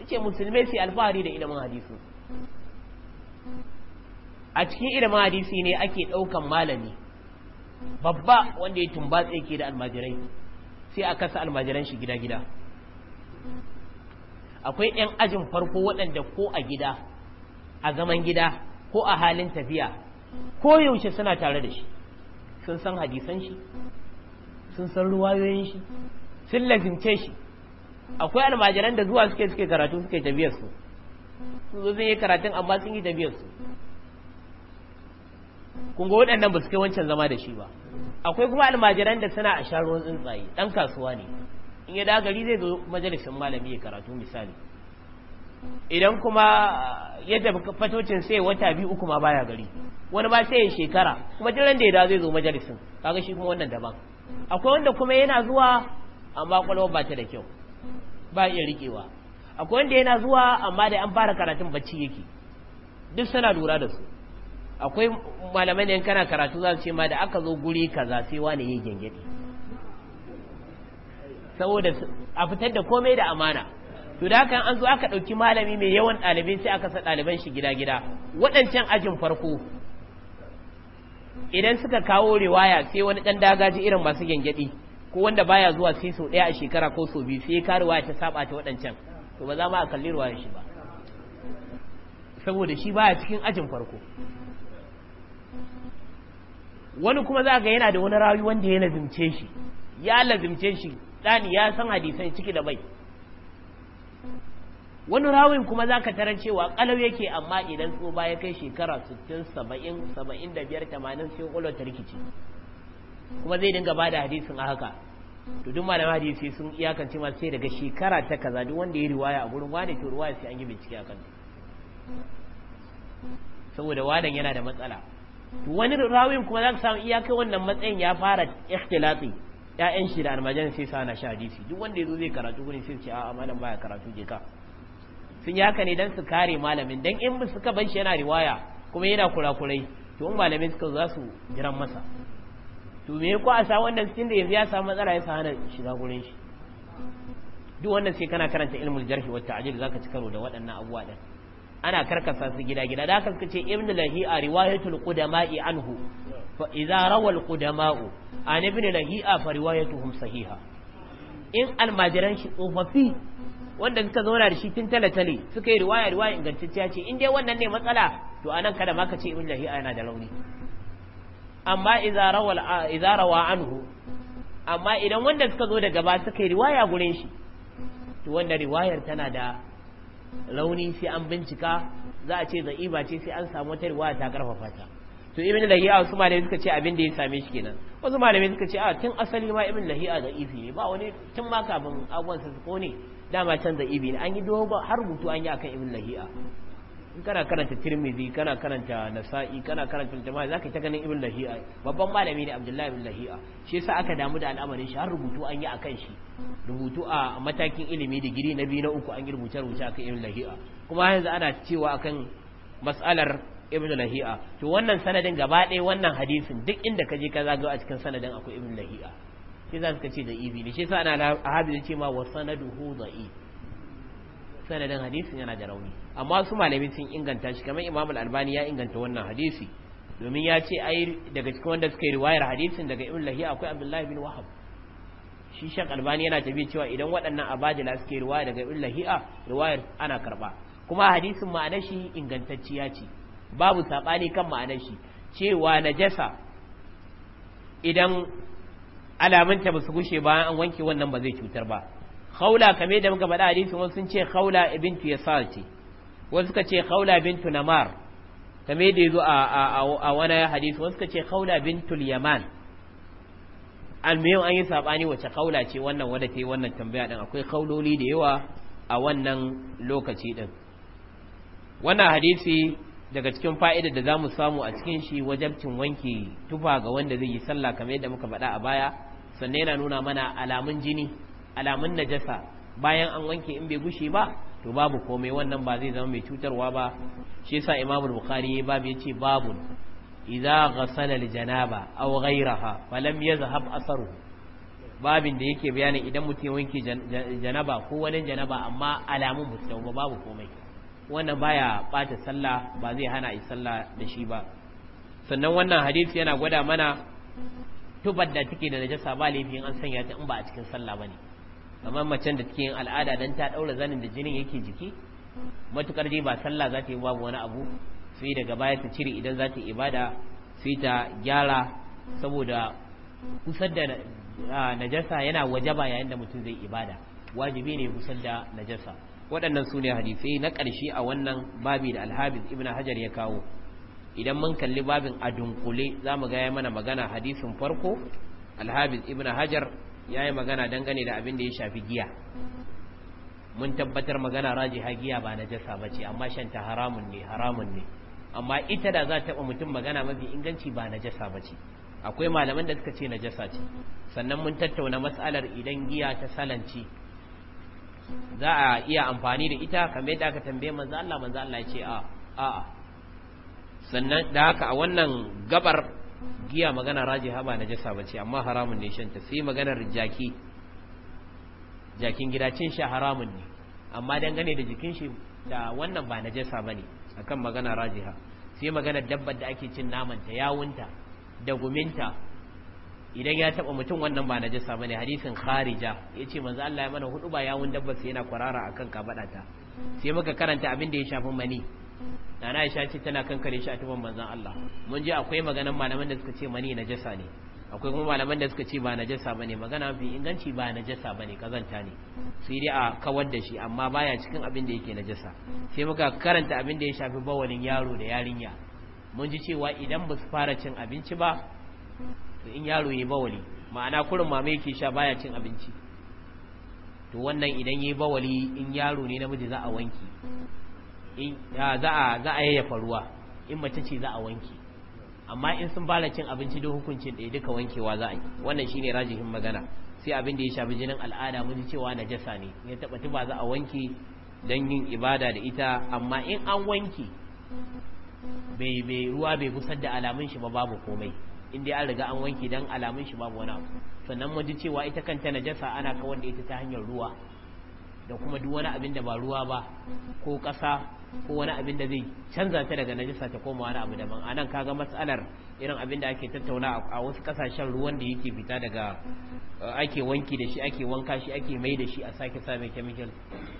yace musulmai sai alfahari da ilimin hadisi a cikin ilimin hadisi ne ake ɗaukan malami babba wanda ya tumbatse ke da almajirai sai a kasa almajiran shi gida-gida akwai 'yan ajin farko waɗanda ko a gida a zaman gida ko a halin tafiya ko yaushe suna tare da shi sun san hadisan shi sun san ruwayoyin shi sun lazimce shi akwai almajiran da zuwa suke suke karatu suke tafiyar su sun zo sun yi karatun amma sun yi tafiyar su waɗannan ba su kai wancan zama da shi ba akwai kuma almajiran da suna a sha ruwan tsuntsaye dan kasuwa ne in ya dagari zai zo majalisin malami ya karatu misali idan kuma ya tafi fatocin sai wata biyu uku ma baya gari wani ba sai ya shekara kuma jiran da ya da zai zo majalisin kaga shi kuma wannan daban akwai wanda kuma yana zuwa amma kwalwa ba ta da kyau ba iya rikewa akwai wanda yana zuwa amma da an fara karatun bacci yake duk suna lura da su akwai malamai ne kana karatu za su ce ma da aka zo guri kaza sai wani yi gengedi saboda a fitar da komai da amana to da kan an zo aka ɗauki malami mai yawan ɗalibai sai aka sa ɗaliban shi gida-gida waɗancan ajin farko idan suka kawo riwaya sai wani dan dagaji irin masu gyangyaɗi ko wanda baya zuwa sai sau ɗaya a shekara ko sau biyu sai ka riwaya ta saba ta waɗancan to ba za ma a kalli riwayar shi ba saboda shi baya cikin ajin farko wani kuma za ga yana da wani rawi wanda ya lazimce shi ya lazimce shi ɗani ya san hadisan ciki da bai wani rawin kuma za ka tarar cewa ƙalau yake amma idan tsoba ya kai shekara 60 70 80 sai ƙulo tarkici kuma zai dinga bada hadisin a haka to duk malama hadisi sun iyakance masu sai daga shekara ta kaza duk wanda ya riwaya a gurin wani to riwaya sai an yi bincike akan saboda wadan yana da matsala wani rawin kuma za ka samu iyakai wannan matsayin ya fara ikhtilati ya'yan shi da almajiran sai sa na sha hadisi duk wanda yazo zai karatu gurin sai ce a'a malam baya karatu je ka sun yi haka ne dan su kare malamin dan in suka bar shi yana riwaya kuma yana kurakurai to in malamin suka za su jiran masa to me ko a sa wannan cikin da yanzu ya samu matsala ya sa shiga gurin shi duk wannan sai kana karanta ilmul jarhi wa ta'jil zaka ci karo da waɗannan abubuwa din ana karkasa su gida gida da haka ce ibn lahi'a riwayatul qudama'i anhu fa idza rawa al qudama'u an ibn lahi'a fa riwayatuhum sahiha in almajiran shi tsofaffi wanda suka zauna da shi tun talatali suka yi riwaya riwaya ingantacciya ce in dai wannan ne matsala to anan kada ma ka ce ibn lahi'a yana da rauni amma idza rawa idza rawa anhu amma idan wanda suka zo daga ba suka yi riwaya gurin shi to wanda riwayar tana da Launi sai an bincika za a ce za'iba ce sai an samu wata riwaya ta karfafa ta to ibn lahiya wasu malami suka ce abin da ya same shi kenan wasu malami suka ce a tun asali ma ibn lahiya da ifi ne ba wani tun ma kafin abuwan sa su kone dama can da ibi ne an yi dogon har rubutu an yi akan ibn lahiya in kana karanta tirmidhi kana karanta nasa'i kana karanta jama'a zaka ta ganin ibn lahi'a babban malami ne abdullahi ibn lahi'a shi yasa aka damu da al'amarin shi har rubutu an yi akan shi rubutu a matakin ilimi digiri na biyu na uku an yi rubuce rubuce akan ibn lahi'a kuma yanzu ana cewa akan mas'alar ibn lahi'a to wannan sanadin gaba ɗaya wannan hadisin duk inda ka je ka zagayo a cikin sanadin akwai ibn lahi'a shi za suka ce da ibi ne shi yasa ana hadisi ce ma wa sanaduhu da'i sanadin hadisin yana da rauni amma su malamin sun inganta shi kamar imam al-albani ya inganta wannan hadisi domin ya ce ai daga cikin wanda suka yi riwayar hadisin daga ibn lahiya akwai abdullahi bin wahab shi shek albani yana tabi cewa idan waɗannan abajila suke riwaya daga ibn lahiya riwayar ana karba kuma hadisin ma'anar shi ingantacciya ce babu saɓani kan ma'anar shi cewa najasa idan alamanta ta su gushe bayan an wanke wannan ba zai cutar ba khawla kame da muka faɗa hadisi wasu sun ce khawla ibn yasar ce wasu ka ce kaula bintu namar kamar da yazo a a wani hadisi wasu ka ce kaula bintu yaman almiyan an yi sabani wace kaula ce wannan wadda ta yi wannan tambaya din akwai kauloli da yawa a wannan lokaci ɗin. wannan hadisi daga cikin fa'ida da za mu samu a cikin shi wajabcin wanke tufa ga wanda zai yi sallah kamar yadda muka faɗa a baya sannan yana nuna mana alamun jini alamun najasa bayan an wanke in bai gushe ba to babu komai wannan ba zai zama mai cutarwa ba shi yasa imam bukhari babu yace babu idza ghasala aljanaba aw ghayraha falam yazhab atharu babin da yake bayani idan mutum wanke janaba ko wani janaba amma alamun mutum ba babu komai wannan baya bata sallah ba zai hana yi sallah da shi ba sannan wannan hadisi yana gwada mana tubar da take da najasa ba laifin an sanya ta in ba a cikin sallah bane kamar macen da take yin al'ada dan ta daura zanin da jinin yake jiki matukar dai ba sallah za ta yi babu wani abu sai daga baya ta cire idan za ta ibada sai ta gyara saboda kusar da najasa yana wajaba yayin da mutum zai ibada wajibi ne kusar da najasa waɗannan su ne hadisai na ƙarshe a wannan babi da alhabis ibn hajar ya kawo idan mun kalli babin a dunkule za mu gaya mana magana hadisin farko alhabis ibn hajar ya yi magana dangane da abin da ya shafi giya mun tabbatar magana raji ha giya ba na jasa ba ce amma shanta haramun ne haramun ne amma ita da za ta taɓa mutum magana mafi inganci ba na jasa ba ce akwai malaman da suka ce na jasa ce sannan mun tattauna matsalar idan giya ta salanci za a iya amfani da ita kamar yadda aka tambaye manzo Allah manzo Allah ya ce a a sannan da haka a wannan gabar giya magana rajiha ba jasa bace amma haramun ne shan ta sai maganar jaki jakin gida cin shi haramun ne amma dangane da jikin shi da wannan ba na jasa bane akan magana rajiha sai magana dabbar da ake cin naman ta yawunta da guminta idan ya taba mutum wannan ba na jasa bane hadisin kharija yace manzo Allah ya mana hudu ba yawun dabbar sai yana kwarara akan kabada ta sai muka karanta abin da ya shafi mani nana Aisha ce tana kankare shi a tuban manzon Allah mun ji akwai maganan malaman da suka ce mani najasa ne akwai kuma malaman da suka ce ba najasa bane magana bi inganci ba najasa bane kazanta ne sai dai a kawar da shi amma baya cikin abin da yake najasa sai muka karanta abin da ya shafi bawalin yaro da yarinya mun ji cewa idan ba su fara cin abinci ba to in yaro yayi bawali ma'ana kurin mama yake sha baya cin abinci to wannan idan yayi bawali in yaro ne namiji za a wanki za a yayyafa ruwa in mace ce za a wanke amma in sun fara cin abinci da hukuncin da duka wankewa za a yi wannan shine rajihin magana sai abin da ya shafi jinin al'ada mun ji cewa najasa ne ya taba tuba za a wanke don yin ibada da ita amma in an wanke bai bai ruwa bai busar da alamun shi ba babu komai in dai an riga an wanke dan alamun shi babu wani abu sannan mun ji cewa ita kanta najasa ana kawar da ita ta hanyar ruwa da kuma duk wani abin da ba ruwa ba ko ƙasa ko wani abin da zai canza ta daga najasa ta koma wani abu daban a nan kaga matsalar irin abin da ake tattauna a wasu kasashen ruwan da yake fita daga eh, ake wanki da shi ake wanka shi ake mai da shi a sake sa mai chemical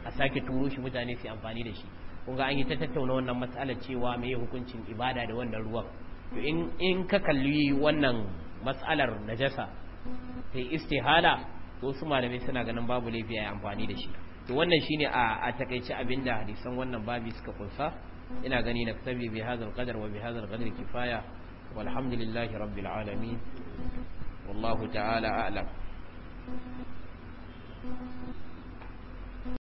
a sake turo shi mutane su amfani da shi kun ga an yi ta tattauna wannan matsalar cewa me hukuncin ibada da wannan ruwan to in in ka kalli wannan matsalar najasa ta istihala wasu malamai suna ganin babu laifi a amfani da shi to wannan shine a a takaici abinda hadisan wannan babi suka kunsa ina gani na tabi bi hadal kadar wa bi hadal qadar kifaya walhamdulillahi rabbil alami wallahu ta'ala a'lam